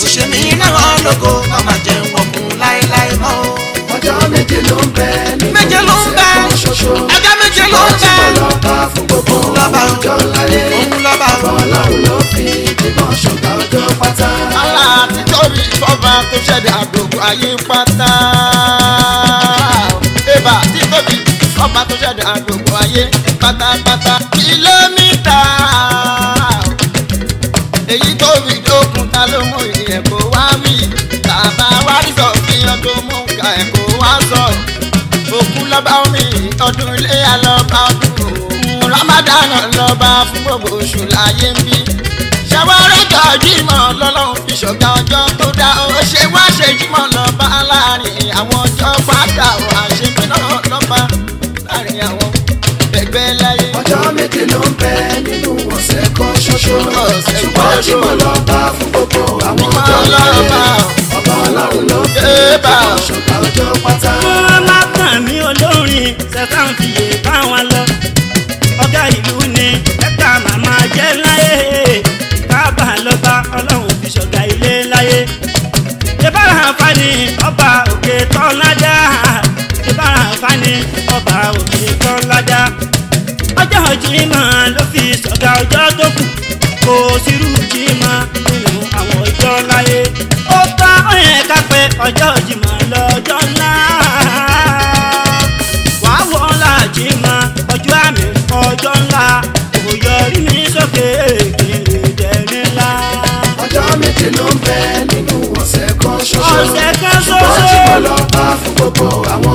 tún ṣe mí náà lógo má má jẹ́ wọ̀kùn láéláé mọ́. ọjọ́ méje ló ń bẹ nínú méje ló ń bẹ ọjọ́ méje ló ń bẹ. lọ́ba fún gbogbo lọ́ba ọjọ́ láyé lọ́ba ọlọ́run ló fi ìbọn ṣọ̀gbà ọjọ́ pátá. ala àtijọ́ rí bọ́ba tó ṣẹ̀dá àdógún ayé pátá. ẹ̀bà títóbi bọ́ba tó ṣẹ̀dá àdógún ayé pátá ẹ̀ kó wá wí bàbá wa rí sọ kí ọdún mú nǹkan ẹ̀ kó wá sọ òkú lọ́ba omi ọdún ilé alọ́ba ọdún òun Ramadan lọ́ba fún gbogbo oṣù láyé ń bí ṣàwárẹ̀ ọjọ́ méje ló ń bẹ nínú ọ̀sẹ̀ kan ṣoṣo àtúbọ̀ jímọ̀ lọ́ba fún lọ́ba ọba ọlọ́run ló dé bá ṣọ̀tà ọjọ́ pátá. wọ́n má tàn ní olórin sẹ́tàn fìyè bá wọn lọ ọ̀gá ìlú ni ẹ̀ka màmá jẹ́ láyé kábà lọ́ba ọlọ́run fi ṣọ̀gá ilé láyé. ìbára àǹfààní ọba òkè tán ládá ìbára àǹfààní ọba òkè tán ládá ọjọ́ jimá ló fi ṣọ̀gá ọjọ́ tó kù kò sírú jimá láyé ó tọ́ ọ̀yẹ́ ká pé ọjọ́ Jímọ̀ lọ́jọ́ ńlá wàá wọ́n láàjì mọ ọjọ́ àmì ọjọ́ ńlá kò yọrí mi sókè kí n lè dẹ̀rín ńlá. ọjọ́ méjì ló ń bẹ nínú ọ̀sẹ̀ kan ṣoṣo ọjọ́ Jímọ̀ lọ́ba fún gbogbo àwọn.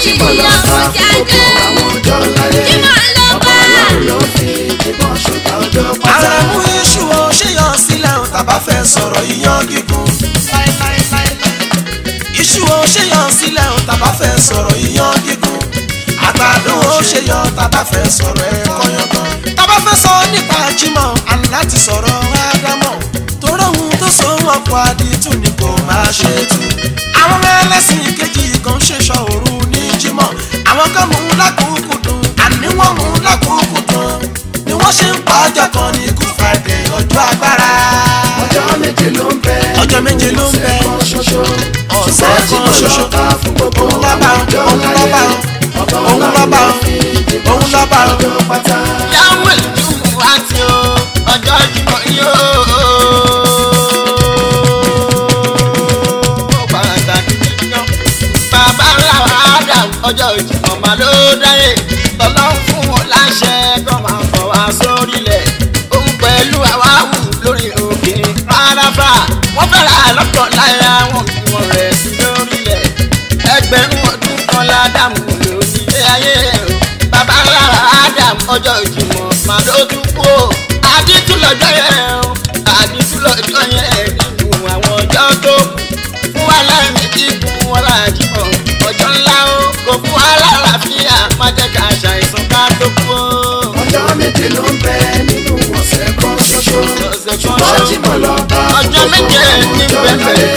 tí mo lọ sá gbogbo àwọn ọjọ́ láyé ọba aláwòyọ o ṣéyàn o ṣéyàn sílẹ̀ ń tàbá fẹ́ sọ̀rọ̀ o ṣéyàn tàbá fẹ́ sọ̀rọ̀ ẹ̀kọ́ yọ̀ngàn. tàbá fẹ́ sọ nípa Jímọ̀ àní láti sọ̀rọ̀ Ádámọ̀ torí ohun tó so wọn kọ adìtú ni kò kejì kan ṣèṣọ́ òru àwọn kan mú un lákòókò dùn àní wọ́n mú lákòókò dùn ni wọ́n ṣe ń pa ọjọ́ kan ní ikú friday ọjọ́ agbára. ọjọ́ méje ló ń bẹ ọjọ́ méje ló ń bẹ ọ̀sẹ̀ kan ṣoṣo òun lọ́ba òun lọ́ba òun lọ́ba òun lọ́ba. yàwó ìlú wa ti o ọjọ́ ìdìbò yóò. ọjọ́ ọba ló dáyé tọ́lọ́hún fún wọn láṣẹ kó máa fọ wá sórílẹ̀ òun pẹ̀lú àwa wù lórí òkè páráfà wọ́n fẹ́ra lọ́pọ̀ láyà wọn kí wọ́n rẹ̀ sí lórílẹ̀ ẹgbẹ̀rún ọdún ọjọ́ ìjùmọ̀ màdó tún kú yẹn. ọjọ́ méje ní bẹ́ẹ̀.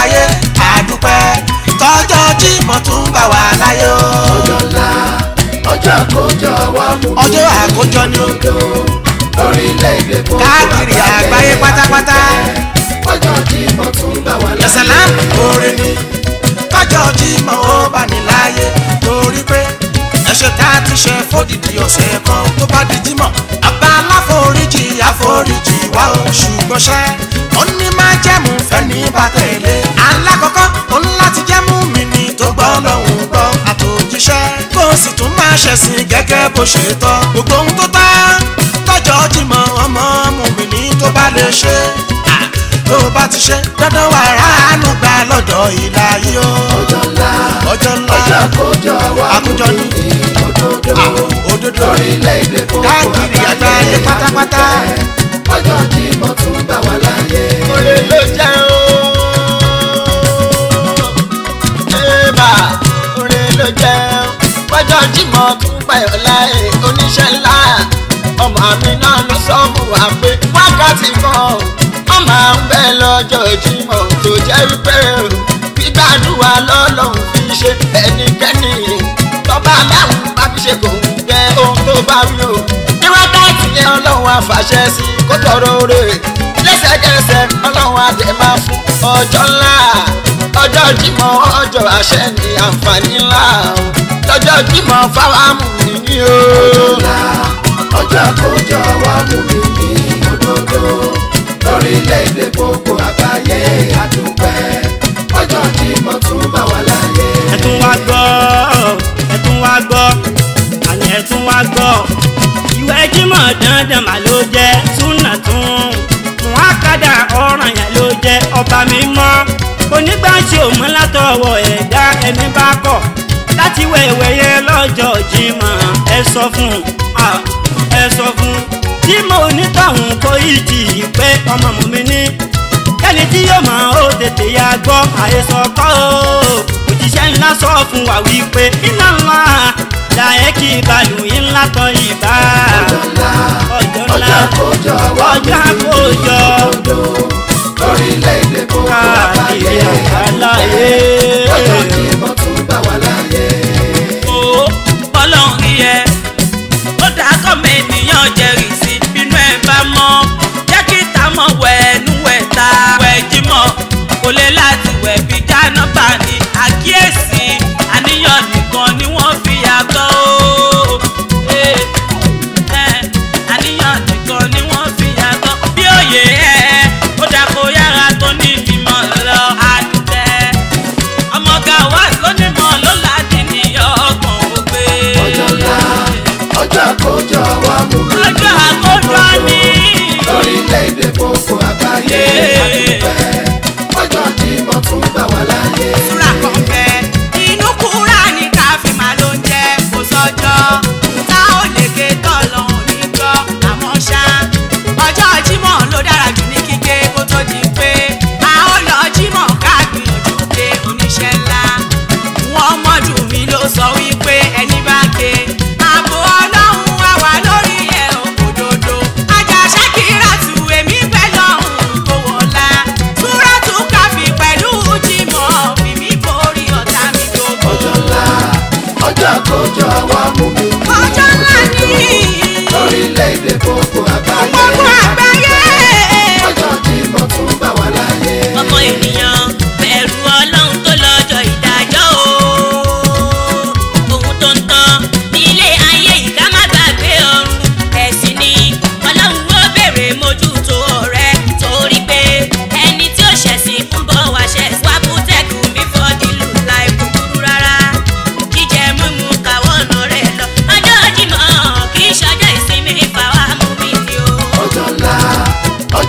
wáyé àdúpẹ́ tọ́jọ́ Jímọ̀ tún bá wà láyé o. ọjọ́ ńlá ọjọ́ àkójọ wa mú mi. ọjọ́ àkójọ ni o. orílẹ̀-èdè kò tó káàkiri àgbáyé pátápátá. ọjọ́ Jímọ̀ tún bá wà láyé. ẹ̀sàlám orin ni tọ́jọ́ Jímọ̀ ó bá ní láyé torí pé ẹ̀ṣẹ̀ tá ti ṣe fódìdí ọ̀sẹ̀ kan tó bá di Jímọ̀ àbá aláforíjì àforíjì wa ò ṣùgbọ́n ṣẹ́ ó ní májẹ̀mú ní bàtà èlé. alákọ̀ọ́kọ́ òun láti jẹ́ mú mi ní tó gbọ́ lọ́hùn gbọ́ àtòjíṣẹ́ kó o sì tún máa ṣẹ̀sìn gẹ́gẹ́ bó ṣe tọ́ gbogbo ohun tó tá tọ́jọ́ jìmọ̀ ọmọ mú mi ní tó bá lè ṣe tó bá ti ṣe dandan wàrà àánú gbà lọ́dọ̀ ìlà yìí o. ọjọ́ ńlá ọjọ́ ńlá àkójọ wa àkójọ ní òdodo òdodo orílẹ̀-èdè kò kó àgbáyé pátápátá kọjọ ni mo tún gbà wá láyé. olè ló jẹ́ o. ẹ̀bà olè ló jẹ́ o. kọjọ tí mo tún gbà wá láyé oníṣẹ́ ńlá. ọmọ mi náà ló sọ fún wa pé wákàtí kan wọ́n máa ń bẹ lọ́jọ́ Jímọ̀ tó jẹ́ wípé gbígbàdúrà lọ́lọ́run fi ṣe ẹnikẹ́ni tọ́ba aláwọ̀ bá fi ṣe kò ń jẹ́ ohun tó bá wí o fàṣẹ sí kó tọrọ oore lẹ́sẹ̀kẹsẹ̀ ọlọ́run àti ẹ̀ máa fún ọjọ́ ńlá ọjọ́ jímọ̀ ọjọ́ àṣẹ ní àǹfààní ńlá lọ́jọ́ jímọ̀ fáwọn amúnìní o. ọjọ́ ńlá ọjọ́ àkójọ wa mú mi ní òdodo lórílẹ̀‐èdè gbogbo àgbáyé àdúpẹ́ ọjọ́ jímọ̀ tún bá wà láyé. ẹ tún wá gbọ́ ẹ tún wá gbọ́ àní ẹ tún wá gbọ́ mọ̀ dandan mà ló jẹ́ súnà tún mùhákàdà ọ̀ràn yẹn ló jẹ́ ọba mímọ́ onígbàṣe òmọ́ látọwọ́ ẹ̀dá ẹni bá kọ̀ láti wẹ̀wẹ̀ yẹn lọ́jọ́ Jímọ̀ ẹ sọ fún ẹ sọ fún tí mo onítọ̀hún kó ìjì pé ọmọ mi ní kẹ́ni tí yóò mọ̀ ó tètè ya gbọ́ àhesọ kọ́ ó òjíṣẹ́ ńlá sọ fún wa wípé iná ńlá ṣàyẹ́kì balùwí ńlá tán ìbá. ọjọ́ ńlá ọjọ́ àkójọ ọjọ́ àkójọ lórílẹ̀‐èdè kó wà láyé àgbáyé ọjọ́ ìmọ̀tò.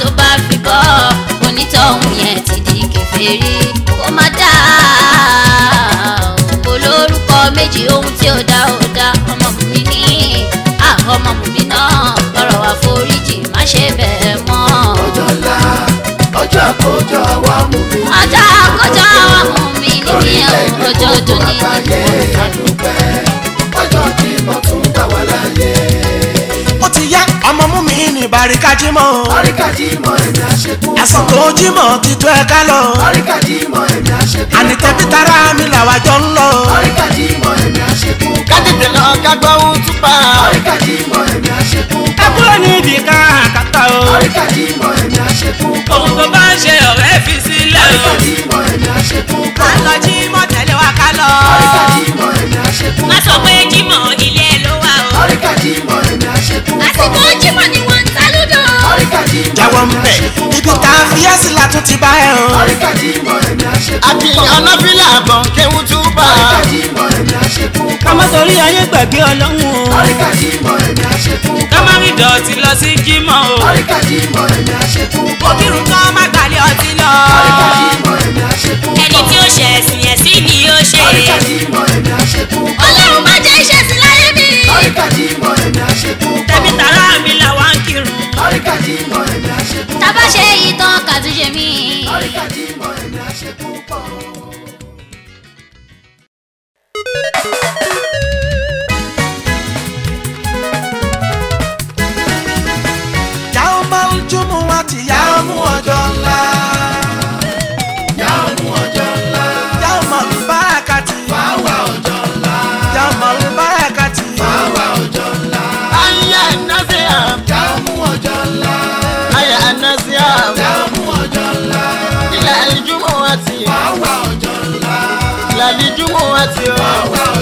tó bá fi bọ́ onítọ̀hún yẹn ti di kèfèrí kó má dá kò lórúkọ méjì ohun tí ó dá ó dá ọmọ bùnmi ní àwọn ọmọ bùnmi náà ọ̀rọ̀ àforíjì má ṣe bẹ́ẹ̀ mọ́. ọjọ́ ńlá ọjọ́ àkójọ àwa mú mi. ọjọ́ àkójọ àwa mú mi níbi ọjọ́ ọdún ní ìlú. ti bá rí kájímọ̀. oríkà jímọ̀ èmi àṣekú. ẹ̀sán tó ti tó ẹ ká lọ. oríkà jímọ̀ èmi àṣekú. ànitẹ́bí tara mi làwa jọ ń lọ. oríkà jímọ̀ èmi àṣekú. ká tètè lọ ká gbọ́ ohun túpa. oríkà jímọ̀ èmi àṣekú. ẹ kúrò níbi ká àkàtà o. oríkà jímọ̀ èmi àṣekú. ohun tó bá ń ṣe ọ̀rẹ́ fi sílẹ̀ o. oríkà jímọ̀ èmi àṣekú. àlọ́ mbẹ̀ ibi tá a fi ẹ́sì látún ti bá ẹ̀ hàn. àbí ọlọ́fílà àbọ̀n kéwú túbà. ká má torí ayé gbàgbé ọlọ́run o. ká má rí dọ̀tí lọ sí jímọ̀ o. òkìrùn kan má gbalẹ̀ ọtí lọ. ẹni tí ó ṣe ẹ̀sìn yẹn ni ó ṣe. ọlọ́run má jẹ́ iṣẹ́ sí láyé mi kírun. oríkà tí mọ ẹ̀mí àṣekú pọ̀. tábà ṣe ìtàn kàtúnṣe mi. oríkà tí mọ ẹ̀mí àṣekú pọ̀. jáwọ́ máa ń túmọ̀ wá tìyá ọmú ọjọ́. wá sí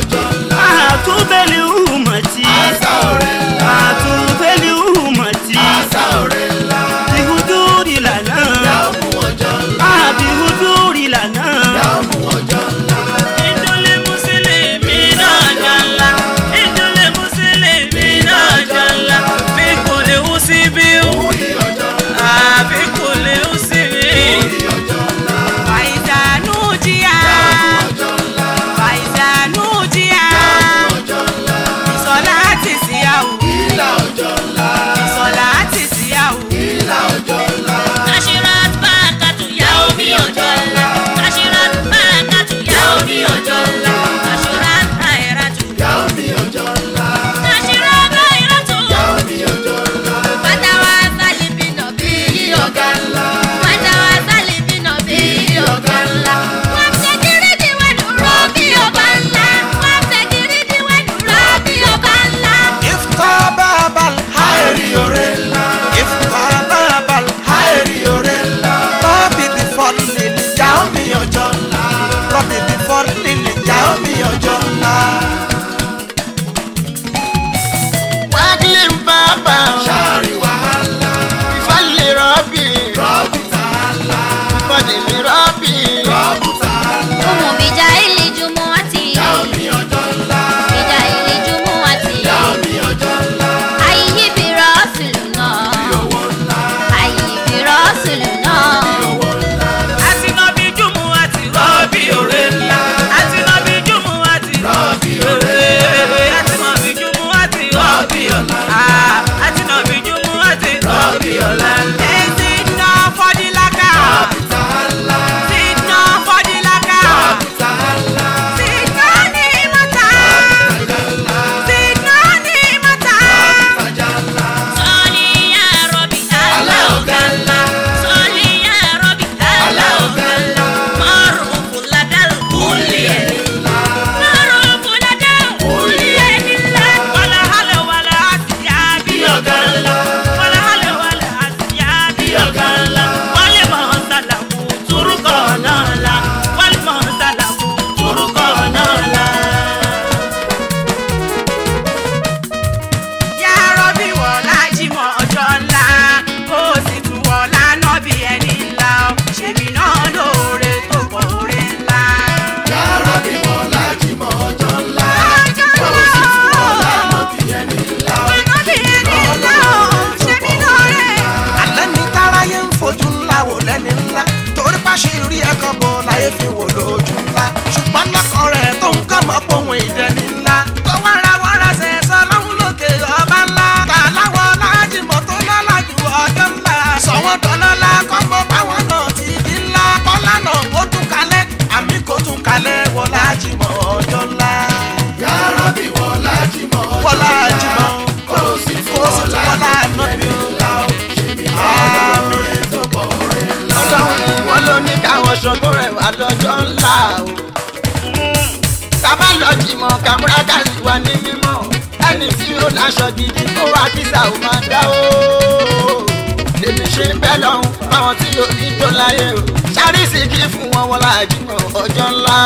lórí dọ́láyé o sáríṣì kí fún wọn wọlá àjùmọ̀ ọjọ́ ńlá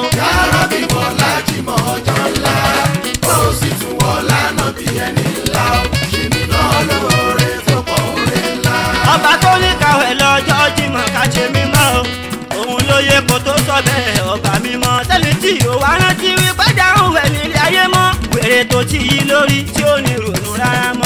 o. yàrá bí wọlá jìmọ̀ ọjọ́ ńlá ó sì tún wọlá náà bí ẹni ńlá o ṣèmi náà lóore fọpọ̀ òre ńlá. ọba tó ní kàwé lọ́jọ́ jìmọ̀ ká ṣe mímọ́ o òun ló yẹ kó tó sọ bẹ́ẹ̀ ọba mímọ́ tẹ́lẹ̀ tí ò wá rántí wípé dáhùn ẹ̀ nílé ayé mọ́ wèrè tó ti yí lórí tí ò ní rònú rárá mọ́.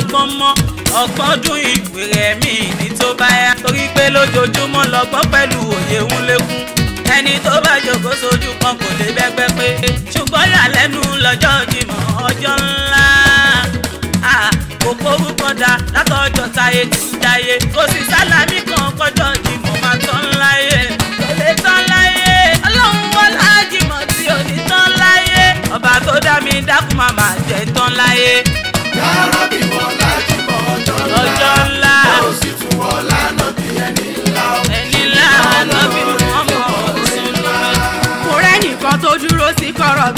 lọ́gbọ́n mọ́ ọgbọ́n dún ìwé rẹ̀ mí ní tó bá yá torí pé lójoojúmọ́ lọ́gbọ́n pẹ̀lú òye ń lékún ẹni tó bá jòkó sójú kan kò lè bẹ́gbẹ́ pé ṣùgbọ́n làlẹ́nu lọ́jọ́ Jímọ̀ ọjọ́ ńlá kò kórúkọ dá látọjọ́ táyé ti ń jáyé kò sì sálámì kan kọjọ́ Jímọ̀ máa tán láyé kò lè tán láyé ọlọ́run wọlá Jímọ̀ tí ò ní tán láyé ọba tó dá mi dákun máa máa jẹ tán láyé.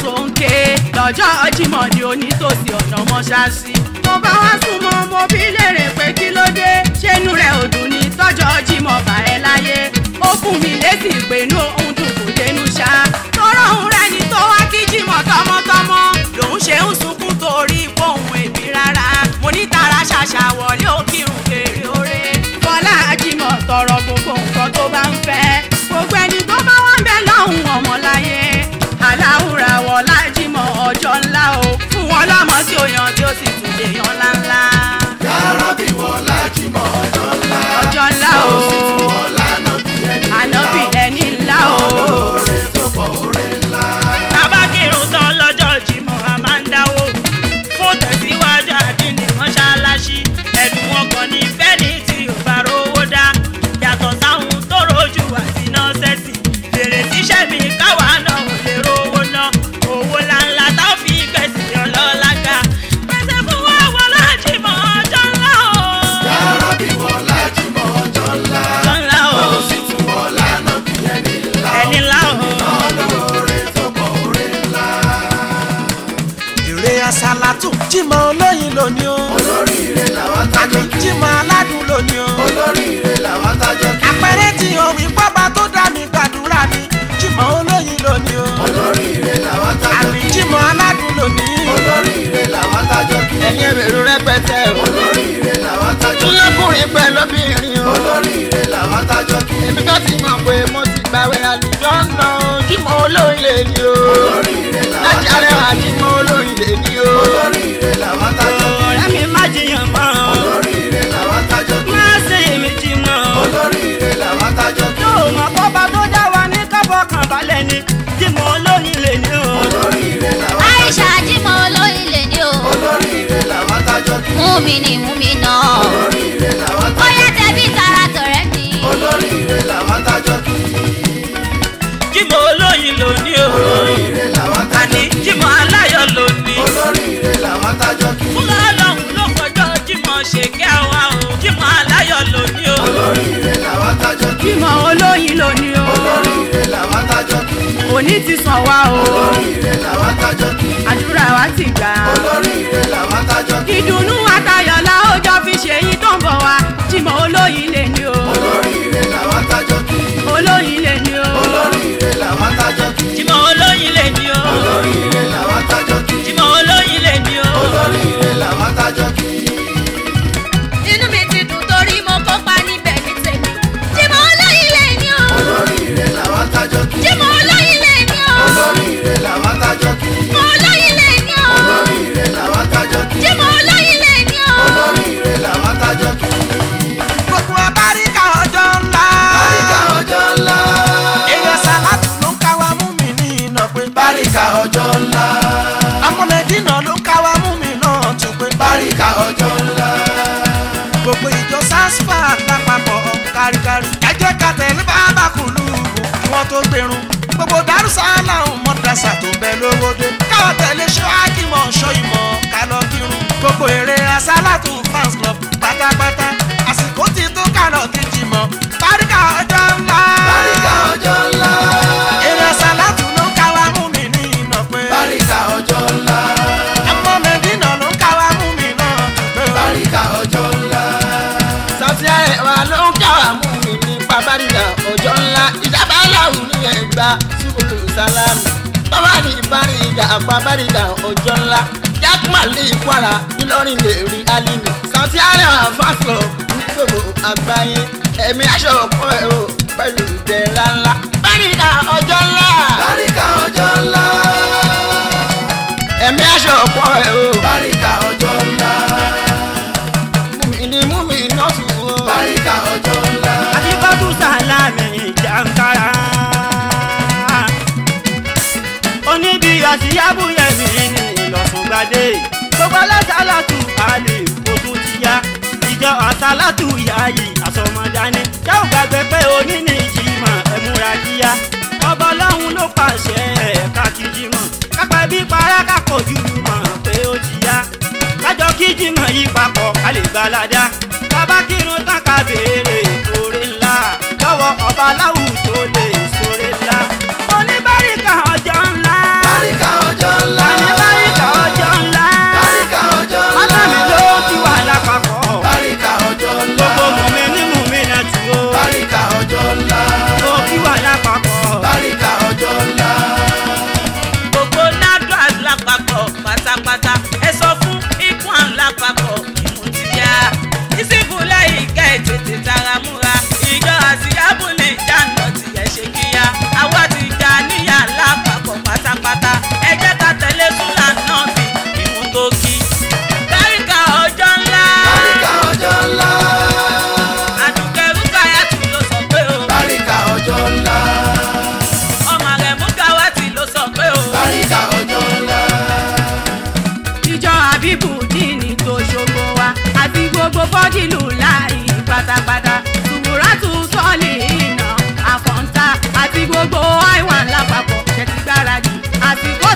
gòkè lọ́jọ́ Jímọ̀ ní onítòsí ọ̀nà mọ́ṣáṣí. mo bá wá sùn mo bí léèrè pé kí ló dé ṣénú rẹ̀ ò dùn ní tọ́jọ́ Jímọ̀ bá ẹ láyé ó fún mi létí pé inú òun dùn kò dénú ṣá. tọrọ òun rẹ ni tó wá kí Jímọ̀ tọmọtọmọ lòun ṣe ń sunkún torí ìpòhùn èmi rárá mo ní tara ṣàṣà wọlé òkìrùn kéré oré. Bọ́lá Jímọ̀ tọrọ gbogbo nǹkan tó bá ń fẹ́ gbogbo ẹni tó ọ̀la jímọ̀ ọjọ́ ńlá o fún wọn lọ́mọ tí ó yan tí ó sì tún lè yan láńlá. oríire làwọn tájọ́ kí. àpẹẹrẹ tí omi pápá tó dá mi gbàdúrà ni Jimoh olóyin lónìí o. olóríire làwọn tájọ́ kí. àmì Jimoh aládùn lónìí. olóríire làwọn tájọ́ kí. ẹ̀yin èrò rẹpẹtẹ o. olóríire làwọn tájọ́ kí. lọ́kùnrin pẹ̀ lóbìnrin o. olóríire làwọn tájọ́ kí. èmi kan ti mọ̀ pé mo ti gbàwé àlùjọ náà Jimoh olóyin lè ní o. olóríire làwọn tájọ́ kí. láti mú mi Oya mú mi nà. olóríire làwọn tájọ kí. bóyá tẹbí tara tọ̀rẹ́ mi. olóríire làwọn tájọ kí. jímọ̀ olóyin ló ní o. olóríire làwọn tájọ kí. àní jímọ̀ aláyọ̀ ló ní. olóríire làwọn tájọ kí. fúnra ọlọ́run ló kọjọ́ jímọ̀ ṣèké àwa o. jímọ̀ aláyọ̀ ló ní o. olóríire làwọn tájọ kí. jímọ̀ olóyin ló ní o. olóríire làwọn tájọ kí. òní ti sàn wá o. olóríire làwọn tájọ kí. àdúrà wa ti gbà. olórí ìdùnnú àtàjọ. àṣà tó bẹ lówódé káwọ́ tẹ̀lé ṣọ́ ákìmọ̀ ṣọ́ ìmọ̀ kálọ́ kírun gbogbo eré asálàtù fans club pátápátá àsìkò ti tó kálọ̀ kejì mọ́ báríkà ọjọ́ ńlá. báríkà ọjọ́ ńlá. eré asálàtù ló ká wa mú mi ní iná pé. báríkà ọjọ́ ńlá. ọmọ mẹ́dínà ló ká wa mú mi náà pé. báríkà ọjọ́ ńlá. sọ́síà ẹ̀wà ló ń ká wa mú mi nípa báríkà ọjọ́ ńlá ìjábá aláwùú ní ẹ̀gbá àpábẹ́rìdà ọjọ́ ńlá jákùmálì kwara ìlọrin lè rí alimi santi àrẹwà fásilọ nígbòmò àgbáyé ẹ̀mí aṣọ ọ̀pọ̀ ẹ̀rọ pẹ̀lú ìdẹ̀ra ńlá bẹ́rìdà ọjọ́ ńlá. bẹ́rìdà ọjọ́ ńlá. ẹ̀mí aṣọ ọ̀pọ̀ ẹ̀rọ. bẹ́rìdà ọjọ́ ńlá. mùmìnì mùmìnì náà sùn. bẹ́rìdà ọjọ́ ńlá. àti bàtú sàlámì jàǹkàrà. àṣìyábù yẹn mi ní ìlọ̀túngbàdé gbogbo alásàlátù àlè kò tún ti yá ìjọ àsàlátù ìyá yìí àsọmọdání ṣé ò gbàgbé pé òní ní ìjìmọ̀ ẹ̀múra kíyá ọba ọlọ́run ló pàṣẹ ẹ̀ka kìjìmọ̀ kápá bí para kákò jùlù mọ̀ pé ó ti yá kájọ kìjìmọ̀ yí papọ̀ ká lè gbalada bàbá kírun tán ká béèrè oore ńlá lọ́wọ́ ọba aláwù lè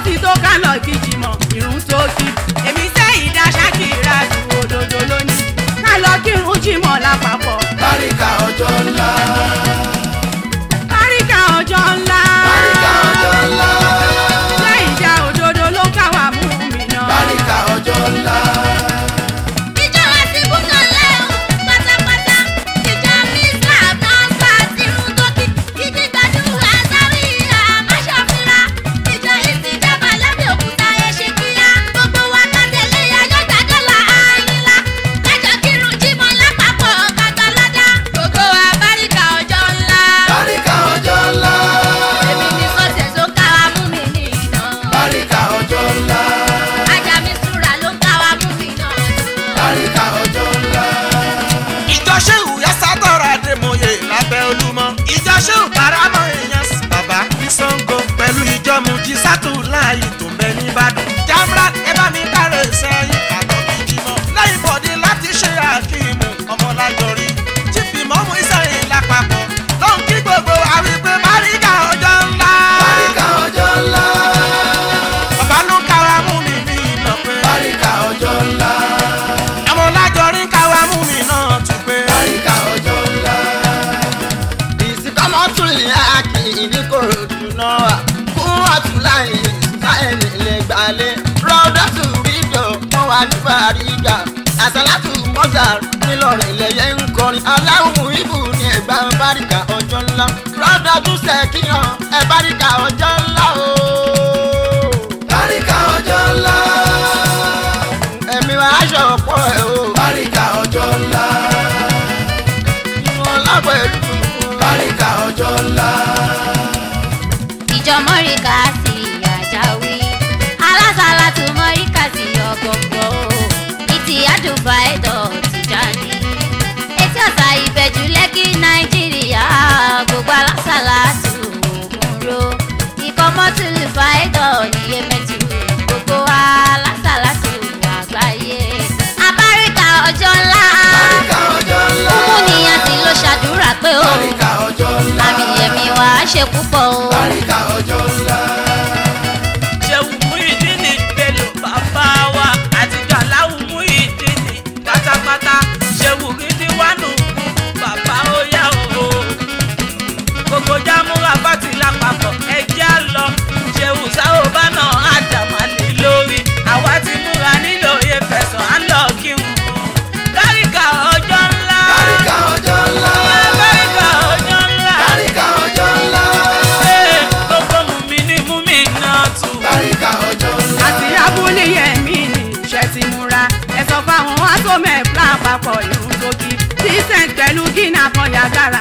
ti tó ká lọ kíjì mọ̀ ìrun tó kí. èmi tẹ́ ìdá ṣákìrà ju òdòdó lónìí ká lọ kírun jìmọ̀ lápapọ̀. báríkà ọjọ́ ńlá. lòdùnà fún àtúláyé káyẹ̀mí lè gbalẹ̀ rọ́dọ̀tù rídọ̀ wọn wà ní fàrígà àsálàtù mọ́tà nílọrin lẹ́yẹ ń kọrin aláwùn ibù ní ẹ̀gbá báríkà ọjọ́ ńlá rọ́dọ̀tù sẹ́kìyàn ẹ̀ báríkà ọjọ́ ńlá o. ìdílé mẹ́tù gbogbo wa lásàlásù àgbáyé. abáríkà ọjọ́ ńlá kúkú nìyẹn tí ló ṣàdúrà pé ó àmì ẹ̀mí wa ṣe púpọ̀ o. cara.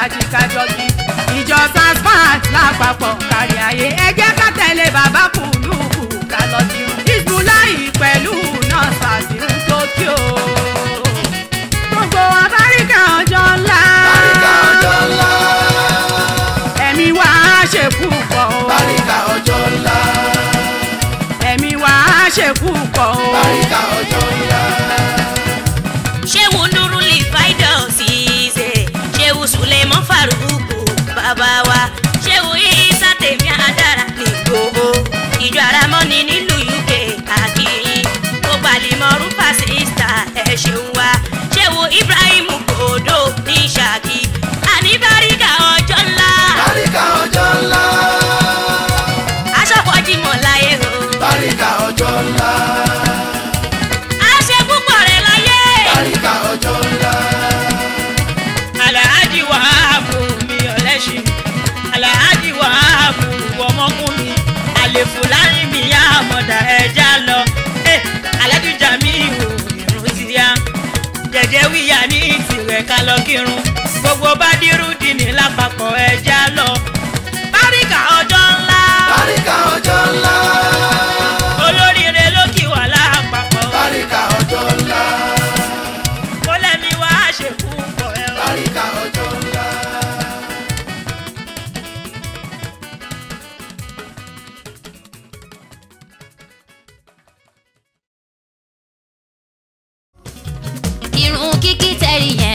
lọ kírun gbogbo bá dírú dì ní lápapọ̀ ẹja lọ. báríkà ọjọ́ ńlá. báríkà ọjọ́ ńlá. olóríire ló kì wá lápapọ̀. báríkà ọjọ́ ńlá. kó lẹ́mi wá ṣèkú pọ̀ ẹ́ báríkà ọjọ́ ńlá. irun kíkí tẹ̀rí yẹn.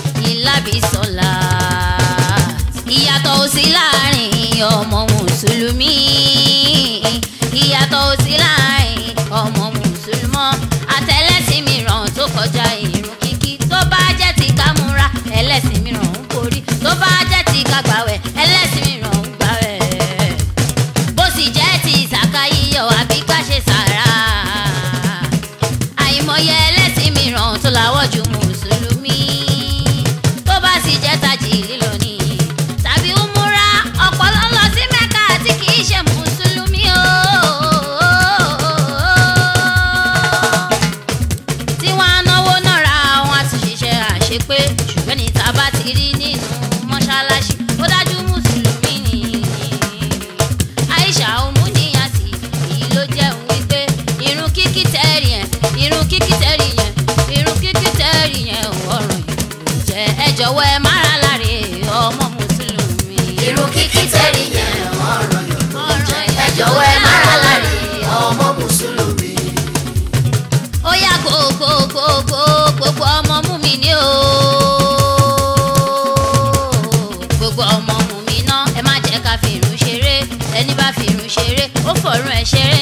Lábísọ́lá ìyàtọ̀ ò sí láàrin ọmọ mùsùlùmí ìyàtọ̀ ò sí láàrin ọmọ mùsùlùmọ́ àtẹlẹ́sìn mìíràn tó kọjá ìrun kíkí tó bá jẹ́ ti ká múra ẹlẹ́sìn mìíràn ń borí tó bá jẹ́ ti ká gbàwẹ̀ ẹlẹ́sìn mìíràn ń gbàwẹ̀ bó sì jẹ́ ti ìsàkà yíyọ àbí ká sàrà àìmọye ẹlẹ́sìn mìíràn tó láwọ́ jùmọ̀. jọ̀wọ́ ẹ má ra láre ọmọ mùsùlùmí. irun kíkí tẹ́rì yẹn ọ̀ràn yòókù ẹ jọ̀wọ́ ẹ má ra láre ọmọ mùsùlùmí. ó yá gbogbogbogbo gbogbo ọmọ mú mi ní o. gbogbo ọmọ mú mi ná ẹ má jẹ́ ká fi irun ṣeré ẹni bá fi irun ṣeré ó fọ̀rùn ẹ̀ ṣeré.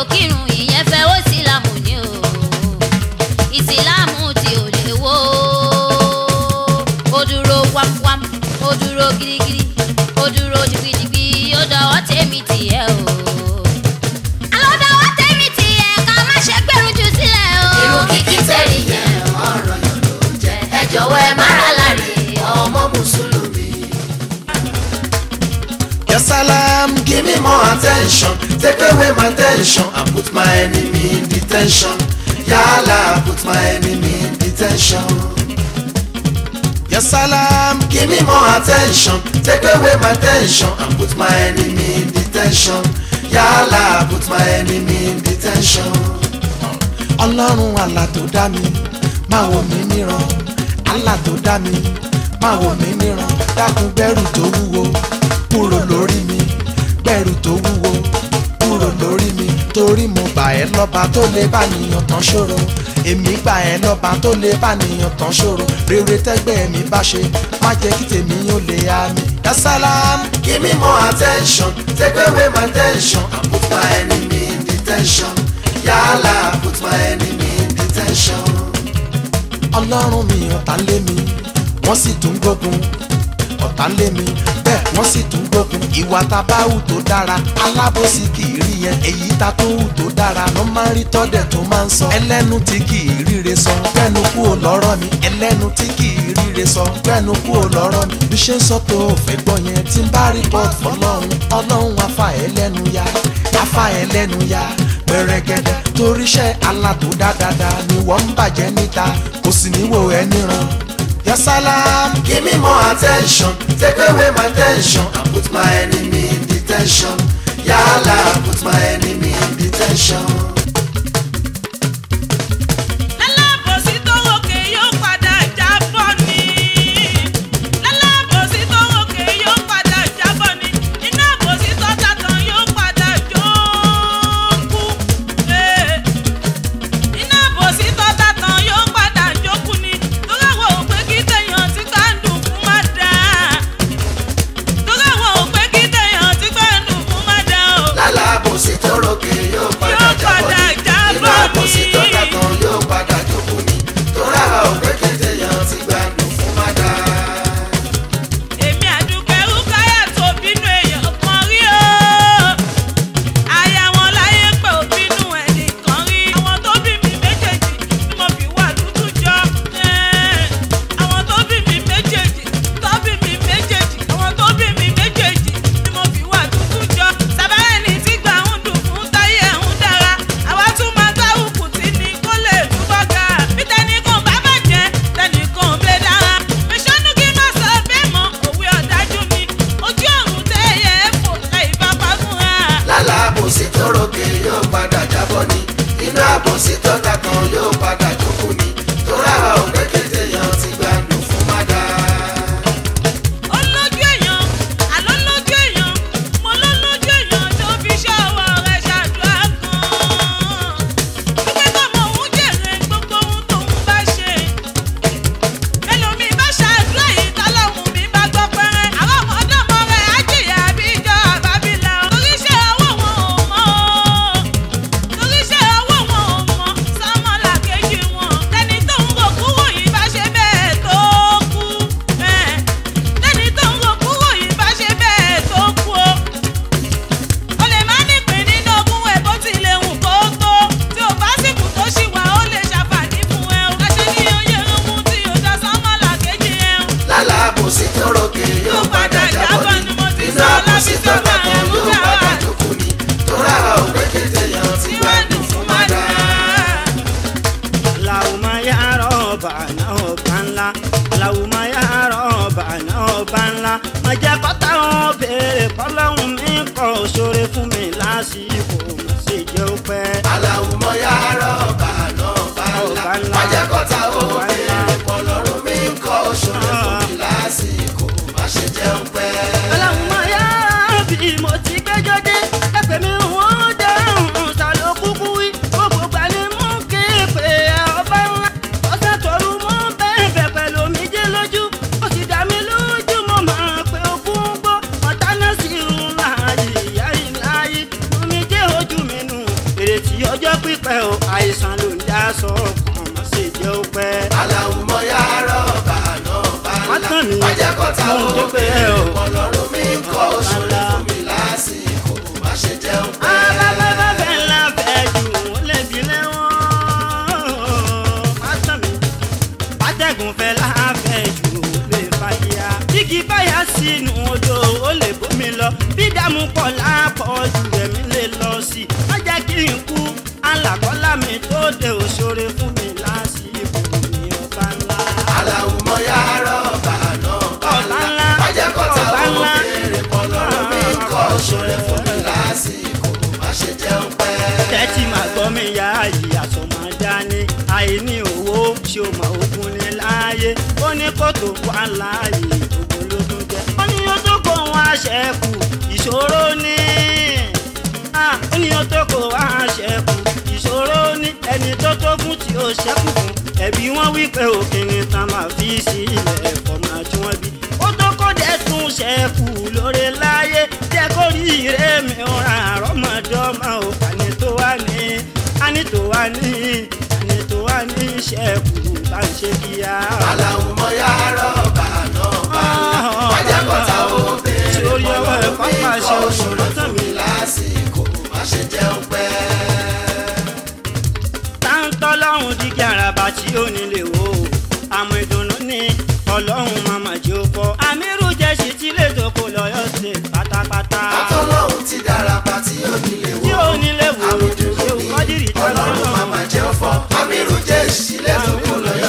ò kírun ìyẹn fẹ́ ó sílámù ni o ìsìlámù tí ò lè wo. ó dúró wámúwámú ó dúró gírígírí ó dúró digbídigbí ó dọ̀wọ́ tèmi tìyẹ́ o. more attention take away my tension and put my enemy in detention yala put my enemy in detention. Yes, salam, give me more attention. Take away my tension and put my enemy in detention. Yala, put my enemy in detention. Ọlọ́run àlá tó dá mi, máa wò mí níran. Àlá tó dá mi, máa wò mí níran. Dákun gbẹ́rù tó wúwo, kúrò lórí mi tó wúwo kúrò lórí mi torí mo gbà ẹ́ lọ́ba tó lè bá tán ṣòro èmi gbà ẹ́ lọ́ba tó lè bá tán ṣòro rere tẹ́gbẹ́ mi bá ṣe má jẹ́ kí tèmi yóò lè yá mi. yasalam give me more attention take away my tension and put my enemy in detention yálà put my enemy in detention. ọlọ́run mi ọ̀tá lé mi wọ́n sì tún gbógun ọ̀tá ń lé mi bẹ́ẹ̀ wọ́n sì tún gbógun ìwà tabáwù tó dára alábòsí kì í rí yẹn èyí ta tó wù tó dára ló máa rí tọ́dẹ̀ tó máa ń sọ ẹlẹ́nu tí kì í ríre sọ gbẹ́nu kú ò lọ́rọ̀ mi ẹlẹ́nu tí kì í ríre sọ gbẹ́nu kú ò lọ́rọ̀ mi bí ṣe ń sọ tó fẹ́ gbọ́ yẹn tí ń bá report fọlọ́run ọlọ́run afa ẹlẹ́nu ya afa ẹlẹ́nu ya gbẹrẹgẹdẹ toríṣẹ́ alátó ni wọ́n ń bàjẹ́ níta kò sì níwò ẹni ràn. Your salam, give me more attention. Take away my tension and put my enemy in detention. Ya Allah, put my enemy in detention. ọ̀ṣọ́rẹ́. pípẹ́ òkìní tá máa fi sílẹ̀ fọmọ tí wọ́n bí. ó tó kó jẹ́ ṣẹ́kù lóore láyé jẹ́ kó rí ire mi ràn àrọ́mọdọ́mọ ò àní tó wá ní àní tó wá ní àní tó wá ní ṣẹ́kù bá ń ṣe kíá. aláwọ̀ mọ yàrá ọ̀bà náà bá wájà kọta ó bèrè lọ́wọ́ kọ́ òṣòro tó mi lásìkò má ṣe jẹun pẹ́ẹ́ bí araba tí ó nílé wo àmọ́ ìdùnnú ni ọlọ́run màmá jí ó kọ́ amírù jẹ́sí tí lè dòkó lọ́yọ́ ṣe pátápátá. àtọ́lọ́hún ti dáraba tí ó nílé wo tí ó nílé wo àmọ́ ìdùnnú ni ọlọ́run màmá jẹ́ ọ̀fọ́ amírù jẹ́sí lè dòkó lọ́yọ́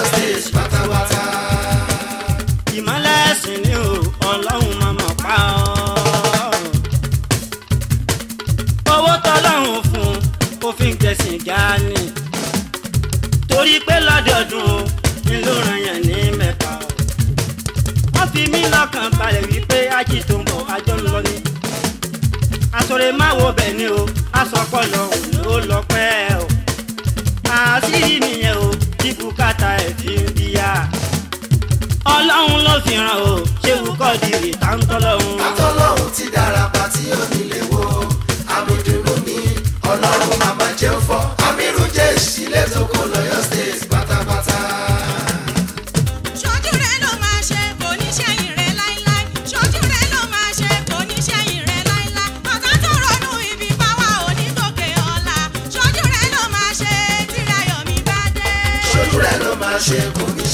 kájí tó ń bọ̀ àjọ ń lọ ni. àsọ̀rẹ́ máa wo bẹ̀ ni o àsọpọ̀ lọ ló lọ pẹ́ o. àṣírí nìyẹn o tí bùkátà ẹ̀ fi ń bíyà. ọlọ́run ló fi ràn o ṣé wùkọ́ di ìtàntọ́lọ́run. àtọ́lọ́run ti dára pa tí ó wo àmì dùnú ni ọlọ́run màmá jẹun fọ́ àmì ìrùjẹ́ ìṣílẹ̀ tó kó lọ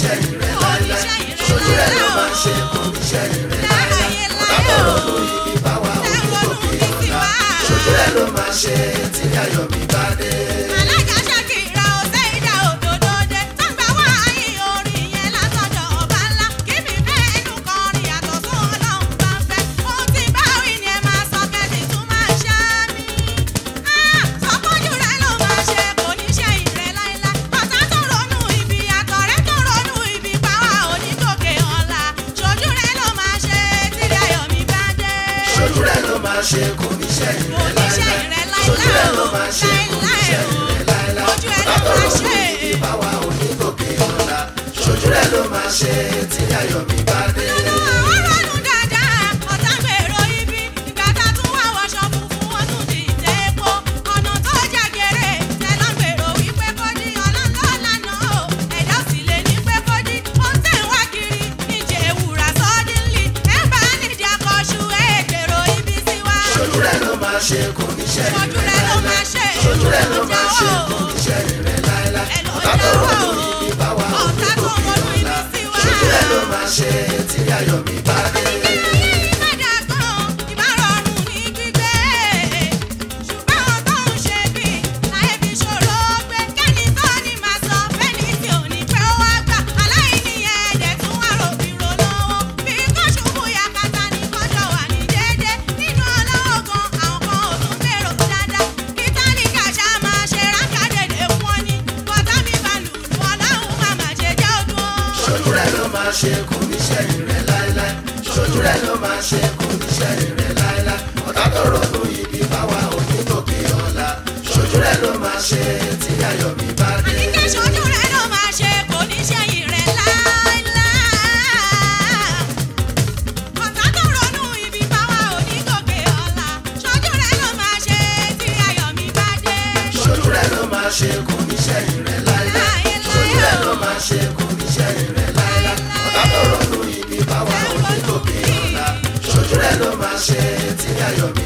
oníṣẹ́ ìrẹ́ láíláí ṣojú rẹ̀ ló máa ń ṣe oníṣẹ́ ìrẹ́ láíláí ọ̀dàbọ̀rọ̀ lórí bí báwa òkú tó fi ọ̀la ṣojú rẹ̀ ló máa ṣe tí ayọ̀ mi bá dé. ṣe kò ní ṣẹ̀yìn rẹ̀ láéláé ṣojú rẹ̀ ló máa ṣe kò ní ṣẹ̀yìn rẹ̀ láéláé ọ̀tá tó ronú ibi báwa òní tòkè ọ̀la ṣojú rẹ̀ ló máa ṣe tí ayọ̀ mi bá dé. àti ṣojú rẹ̀. tí ayọ̀ mi.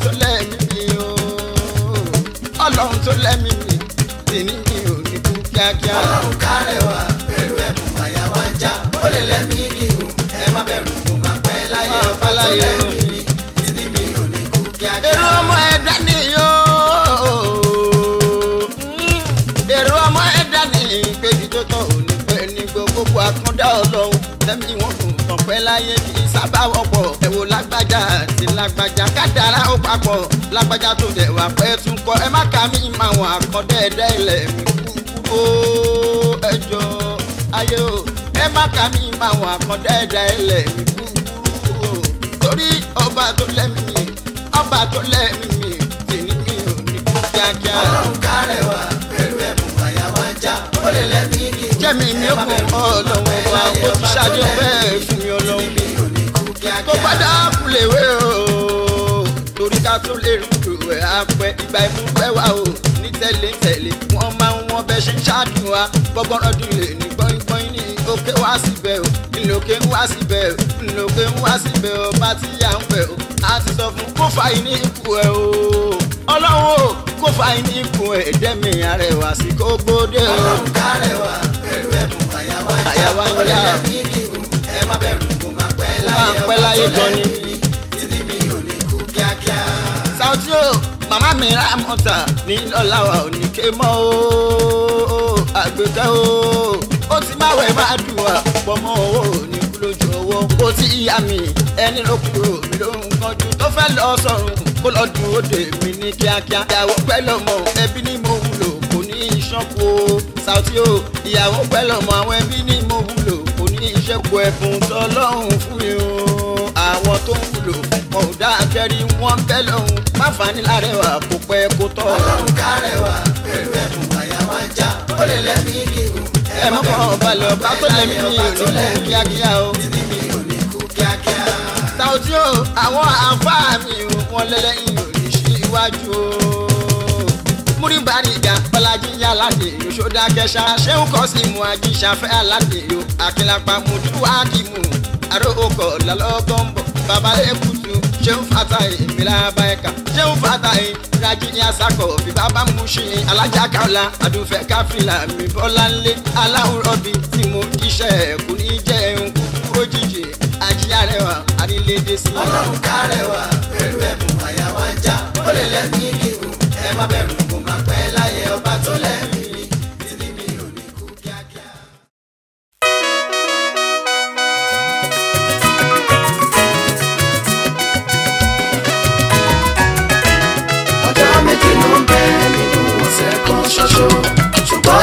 to let làgbàjà kádàrá ó papọ̀ làgbàjà tó dẹ̀ wà pẹ́ tún kọ ẹ má kà mí máa wọn àkọ́dẹ́ẹ̀dẹ́ ilẹ̀ mi kúkú ó ẹjọ́ ayé o ẹ má kà mí máa wọn àkọ́dẹ́ẹ̀dẹ́ ilẹ̀ mi kúkú ó torí ọba tó lẹ́mìí ọba tó lẹ́mìí tèmi mi ò ní kú kíákíá. ọlọ́run kárẹ̀ wá pẹ̀lú ẹ̀bùn àyàwó ajá ó lè lẹ́mìí ní ìlú jẹ́mi ní òkun ọlọ́wọ́ wa kó ti ṣáájú bẹ́ẹ̀ fún mi ọlọ́wọ́ tó bá dákúlẹ̀ wé o ká tún lè rúdò ẹ̀ apẹ ìgbà ìmúpẹ́ wa o ní tẹ̀léńtẹ̀lé wọ́n máa ń wọ́n bẹ́ẹ̀ ṣe ń ṣáàdùn wa gbọ́gbọ́rọ́ dùn ní gbọ́ngbọ́n ní òkè wá síbẹ̀ o ìlòkè ń wá síbẹ̀ o ìlòkè ń wá síbẹ̀ o bá ti yà ń fẹ́ o a ti sọ fún kó fa iní ikú ẹ o ọlọ́wọ́ kó fa iní ikú ẹ dẹ́mi arẹwà sí kó o. ọlọ́run kárẹ̀wá pẹ̀lú ẹ̀bùn àyàwá ìjà ọ̀rẹ́ ẹ̀mí ọtí o màmá mi ra mọ́tà ní lọ́la wa ò ní ké mọ́ o àgbẹ̀tẹ́ o ó ti má wẹ̀ má dùn wá pọ̀mọ́ owó ò ní kú lójú owó ó ti yá mi ẹni ló kúrò ló ń kánjú tó fẹ́ lọ sọ̀rùn kó lọ dúró dè mí ní kíákíá ìyàwó pẹ́ lọ́mọ ẹbí ni mo wúlò kò ní ìṣọ́kù o Saoty o ìyàwó pẹ́ lọ́mọ àwọn ẹbí ni mo wúlò kò ní ìṣẹ́kù ẹ̀bùn tọ́lọ́hún fún mi o àwọn tó ń lò wọn ò dáa kẹrí wọn ń bẹ lọ́hùn máfàání lárẹwà kò pẹ́ kó tọ́. ọlọ́run kárẹwà pẹ̀lú ẹ̀bùn àyà wa já ó lè lẹ́mí kí o. ẹ mọ kàn án balẹ̀ ọba tó lẹ́mí mi ò kú kíákíá o. títí mi ò ní kú kíákíá. tàùtí o àwọn àǹfààní mi ò wọn lẹ́lẹ́yìn ò ní sí iwájú o múrìbárìjà bọ́lájíyá aládé yòó ṣó dákẹ́ ṣá ṣéun kọ́ sí mu ajíṣàfẹ́ arókò lálọ́gọ́ ń bọ̀ babalẹ̀ kùtù ṣéun fatahi ìmìlá báyìíká ṣéun fatahi asako ní asakọ̀ mushi alajakala kàlà àdúfẹ́ káfílà bolanle bọ́lá ńlẹ̀ aláwùrọ̀bì tí mo kíṣẹ́ kù ní jẹun kúkú òjijì àjíyàrẹwà àrílédè sí. ọlọ́run kárẹwà pẹ̀lú ẹ̀bùn àyàwó ajá ó lè lẹ́nu ìlú ẹ má bẹ̀rù.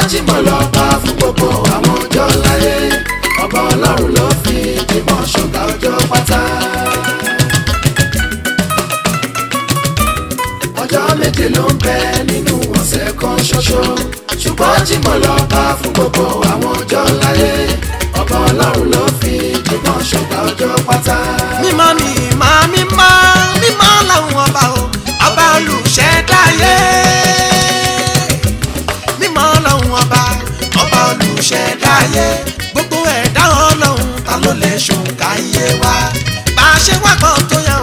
ajímọ̀ lọ́ba fún gbogbo àwọn ọjọ́ láyé ọba ọlọ́run ló fi ìgbìmọ̀ ṣọ̀gá ọjọ́ pátá. ọjọ́ méje ló ń bẹ nínú ọ̀sẹ̀ kan ṣoṣo ṣùgbọ́n ajímọ̀ lọ́ba fún gbogbo àwọn ọjọ́ láyé ọba ọlọ́run ló fi ìgbìmọ̀ ṣọ̀gá ọjọ́ pátá. mímọ́ mi máa mímọ́ mímọ́ làwọn ọba o ọba olùṣẹ́dáyé. láyé gbogbo ẹ̀dá ọlọ́run ta ló lè ṣòǹkà iye wa bá a ṣe wá kan tó yàn.